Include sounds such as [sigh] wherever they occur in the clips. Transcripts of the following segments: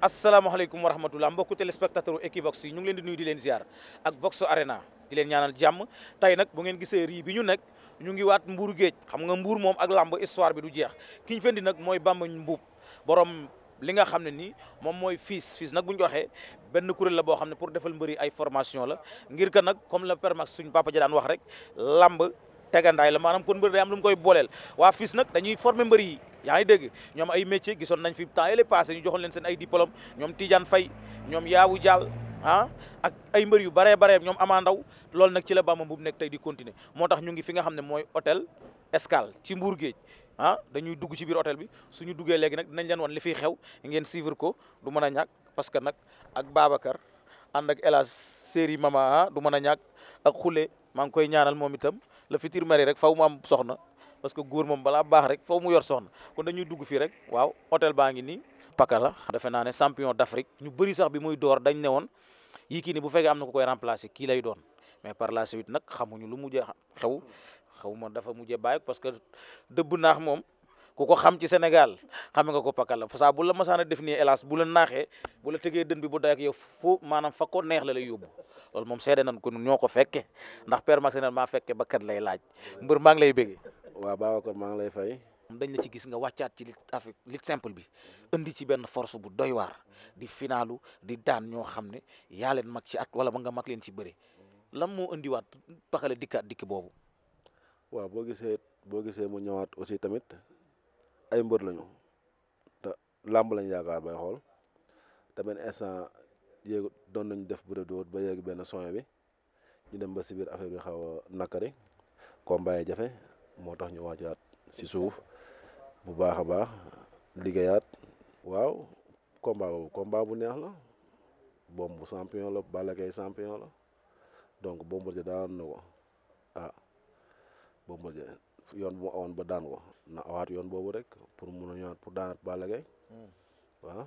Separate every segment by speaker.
Speaker 1: asalaamaaleykum wa rahmatulah mbokku téléspectateur Equivox yi ñu ngi leen di nuyu di leen ziar ak Vox Arena di leen ñaanal jàmm tey nag bu ngeen gisee rii bi ñu nekk ñu ngi waat mbuur géej xam nga mbuur moom ak làmb histoire bi du jeex ki ñu fendi nag mooy Bamba Mbuub borom. li nga xam ne nii moom mooy fiis fiis nag bu ñu waxee benn kuréel la boo xam ne pour defal mbëri ay formation la ngir que nag comme la permax suñ papa ja daan wax rek lamb tegandaay la maanaam kon mbër day am koy booleel waa FILS nag dañuy former mbër yi yaa ngi dégg ñoom ay métier gisoon nañ fi temps yële passé ñu joxoon leen seen ay diplôme ñoom Tidiane Faye ñoom Yaawu Diall ah ak ay mbër yu baree baree ñoom amaa ndaw loolu nag ci la Bamba Mbuub nekk tey di continuer moo tax ñu ngi fi nga xam ne mooy hôtel Escale ci Mbour Géej ah dañuy dugg ci biir hôtel bi suñu duggee léegi nag dinañ leen wan li fiy xew ngeen suivre ko du mën a ñàkk parce que nag ak Babacar ànd ak El Hadj Séri Mama ah, du mën a ñàkk ak Xule maa ngi koy ñaanal moom itam le futur mari rek faw mu am soxna parce que góor moom balaa baax rek faw mu yor soxna kon dañuy dugg fii rek waaw hôtel baa ngi nii paka la defe naa ne champion d'Afrique ñu bëri sax bi muy door dañ ne yi kii ni bu fekkee am na ko koy remplacer kii lay doon mais par la suite nag xamuñu lu mujjee xew xaw ma dafa mujjee bàyyi parce que dëbb naax moom ku ko xam ci Sénégal xam nga ko pakal la saa bu la masaana def nii hélas bu la naaxee bu la tegee dën bi bu day ak yow foo maanaam fa ko neex la lay yóbbu loolu moom seede nan ko ñoo ko fekke ndax père Max maa fekke ba kat lay laaj mbër maa lay bëgg.
Speaker 2: waaw Babacar maa ngi lay fay.
Speaker 1: dañ la ci gis nga wàccaat ci lutte avec lutte simple bi indi ci benn force bu doy waar di finaalu di daan ñoo xam ne yaa leen mag ci at wala ba nga mag leen ci bëre lan moo indiwaat paxale at dikk boobu.
Speaker 2: waaw boo gisee boo gisee mu ñëwaat aussi tamit ay mbër lañu te làmb lañu yaakaar bay xool tamit instant yéegu doon nañ def bu dee ba yéegu benn soin bi ñu dem ba si biir affaire bi xaw a nakari komba yi jafe moo tax ñu wàccaat si suuf bu baax a baax liggéeyaat waaw komba boobu combat bu neex la bu champion la Balla Gaye champion la donc Bombardier daan na ko ah Bombardier yoon bu mu awoon ba daan ko na awaat yoon boobu rek pour mun a ñëwaat pour daanaat Balla Gaye hmm. waaw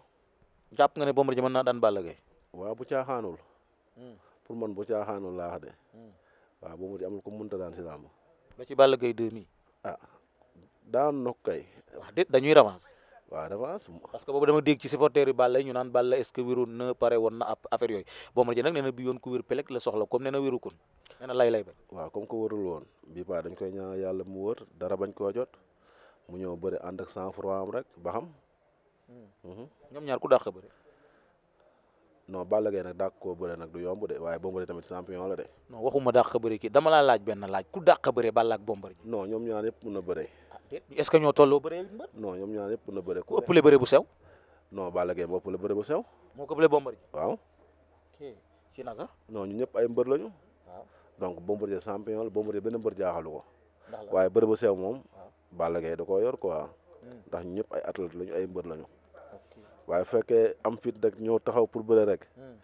Speaker 2: jàpp nga ne Bombardier mën naa daan Balla waaw bu caaxaanul. Hmm. pour man bu caaxaanul laa wax de. Hmm. waaw boobu di amul mun mënta daan si làmb. ba ci Balla Gaye 2000. ah daan na kay.
Speaker 1: wax dëgg dañuy revanche. waaw revanche. parce que boobu dama dégg ci supporter yi Balla ñu naan Balla est-ce que na pare woon na affaire yooyu boo ma ji nag nee na yoon ku wér pelek la soxla comme nee na kon
Speaker 2: nee lay lay ba. waaw comme ko wërul woon bi paa dañ koy ñaanal yàlla mu wër dara bañ koo jot mu ñëw bëri ànd ak sang froid am rek ba xam. Hmm. Mhm.
Speaker 1: ñaar ku dàq bëri.
Speaker 2: non Balla Gaye nag dàq koo bëre nag du yomb de waaye Bombardier tamit champion la de. non waxuma dàq bëre kii dama laa laaj benn laaj ku dàq bëre Balla ak Bombardier. non ñoom ñaar ah, ñoo tolloo bëre mbër. non ñoom ñaar ñëpp mën na bëre. ku ëppale bëre bu sew. non Balla Gaye moo ëppale bëre bu sew.
Speaker 1: moo ko ëppale Bombardier.
Speaker 2: waaw. ok ci naka. non ñu ñëpp ay mbër lañu. waaw donc Bombardier champion la Bombardier benn mbër jaaxalu ko. waaye bëre bu sew moom. Balla Gaye da koo yor quoi. Hmm. ndax ñëpp ay athlète lañu ay mbër lañu waaye fekkee am fit rek ñëw taxaw pour bëre rek hmm.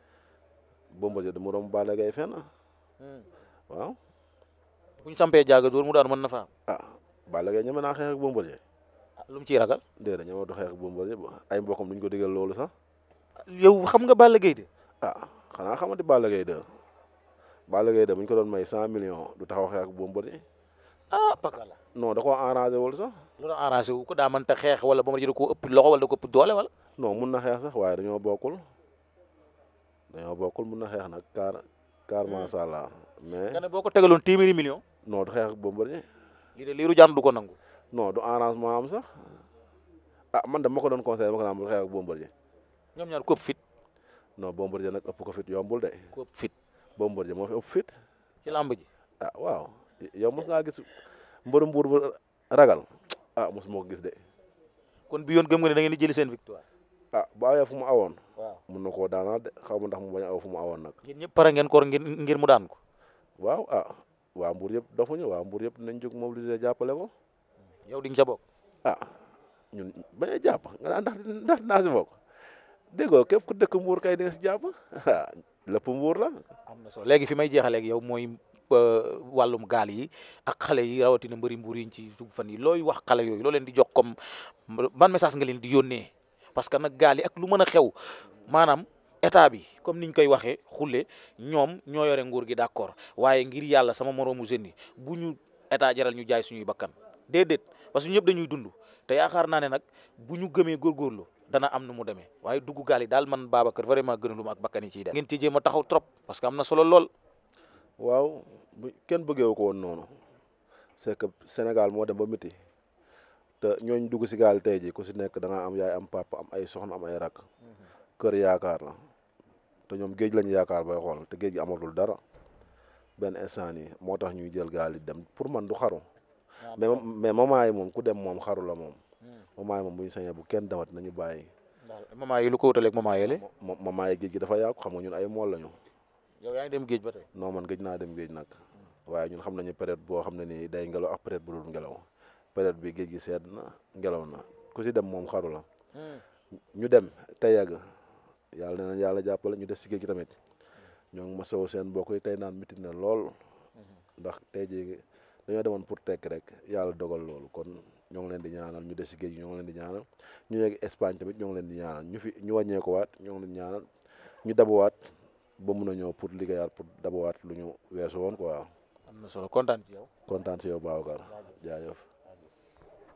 Speaker 2: Bombardier du mu romb Balla fen fenn hmm. waaw.
Speaker 1: bu ñu sampee jaaga dóor mu daan mën na faa.
Speaker 2: ah Balla Gaye ñeme naa xeex ak ah, lu mu ciy ragal. déedéet ñemewatu xeex ak Bombardier ay mbokkam duñ ko digal loolu sax. yow xam nga Balla Gaye de. ah xanaa xamante Balla Gaye de Balla Gaye de bu ñu ko doon may cent million du taxaw xeex ak Bombardier ah Paka la non da ko arrangé wul sax.
Speaker 1: lu la arrangé wu ko daa mënta xeex wala ba ma jël ko ëpp loxo wala da ko ëpp doole wala.
Speaker 2: non mun na xeex sax waaye dañoo bokkul dañoo bokkul mun na xeex nag car car hmm. allah. mais
Speaker 1: nga ne boo ko tegaloon téeméeri million.
Speaker 2: non du xeex ak Bombardier. lii liiru jaan du ko nangu. non du arrangement am sax ah man de ma ko doon conseillé ma ko naan bu xeex ak Bombardier. ñoom ñaar ko ëpp fit. non Bombardier nag ëpp ko fit yombul de. ko ëpp moo fi ci làmb ji ah, yow mos ngaa gis mbëru mbuur bu ragal a ah, mos moo gis de. kon bi yoon gëm nga ne da
Speaker 1: ngeen di seen victoire.
Speaker 2: ah bu awee fu awoon. waaw mun na koo daanaat de xaw ma ndax mu bañ a aw fu mu awoon nag. yéen ñëpp pare ngeen koor ngir mu daan ko. waaw a ah, waa Mbour yëpp dofuñu waa Mbour yëpp nañ jóg mobiliser jàppale ko. yow di nga ca bokk. ah bañ a jàpp ndax ndax naa si bokk ko nga képp ku dëkk Mbour kay di nga si jàpp lépp [laughs] ah, Mbour la. am na solo léegi fi may jeexaleeg yow mooy
Speaker 1: Euh, wàllum gaal yi ak xale yi rawatina mbari mbuur yi ci dugg fa yi looy wax xale yooyu loo leen di jox comme ban message nga leen di yónnee parce que nag gaal ak lu mën a xew maanaam état bi comme niñ koy waxee xulle ñoom ñoo yore nguur gi d'accord waaye ngir yàlla sama moroomu jeunes yi bu ñu état jaral ñu jaay suñuy bakkan déedéet parce que ñëpp dañuy dund te yaakaar naa ne nag bu ñu gëmee góorgóorlu dana am nu mu demee waaye dugg gaal yi daal man Babacar vraiment gënaluma ak bakkan yi ciy dem. ngeen ci jéem a taxaw trop parce am na solo lool.
Speaker 2: waaw kenn bëggee ko woon noonu c'est que Sénégal moo dem ba mitti te ñooñ dugg si gaal tey ji ku si nekk da am yaay am papa am ay soxna am ay rakk mm-hmm. kër yaakaar la te ñoom géej lañu yaakaar bay xool te géej gi amatul dara benn instant yi moo tax ñuy jël gaal dem pour man du xaru ah, mais mais maman yi moom ku dem moom xaru la moom maman moom bu ñu sañee bu kenn dawat nañu bàyyi maman yi lu ko wutaleeg maman yi la maman yi géej gi dafa yàqu xam nga ñun ay mool lañu
Speaker 1: yow yaa ngi dem géej ba tey.
Speaker 2: non man gëj naa dem géej nag waaye ñun xam nañu période boo xam ne nii day ngelaw ak période bu dul ngelaw période bi géej gi sedd na ngelaw na ku si dem moom xaru la. Hmm. ñu dem tey yàgg yàlla na yàlla jàppale ñu des si géej gi tamit ñoo ngi ma sow seen mbokk yi tey naan métti na lool hmm. ndax tey jii dañoo demoon pour tekk rek yàlla dogal loolu kon ñoo ngi leen di ñaanal ñu des si géej gi ñoo ngi leen di ñaanal ñu yegg Espagne tamit ñoo ngi leen di ñaanal ñu fi ñu wàññeekuwaat ñoo ngi leen di ñu dabuwaat ba mun a ñëw pour liggéeyaat pour dabawaat lu ñu weesu woon quoi. am na solo kontaan ci yow. kontaan ci yow Babacar jaajëf.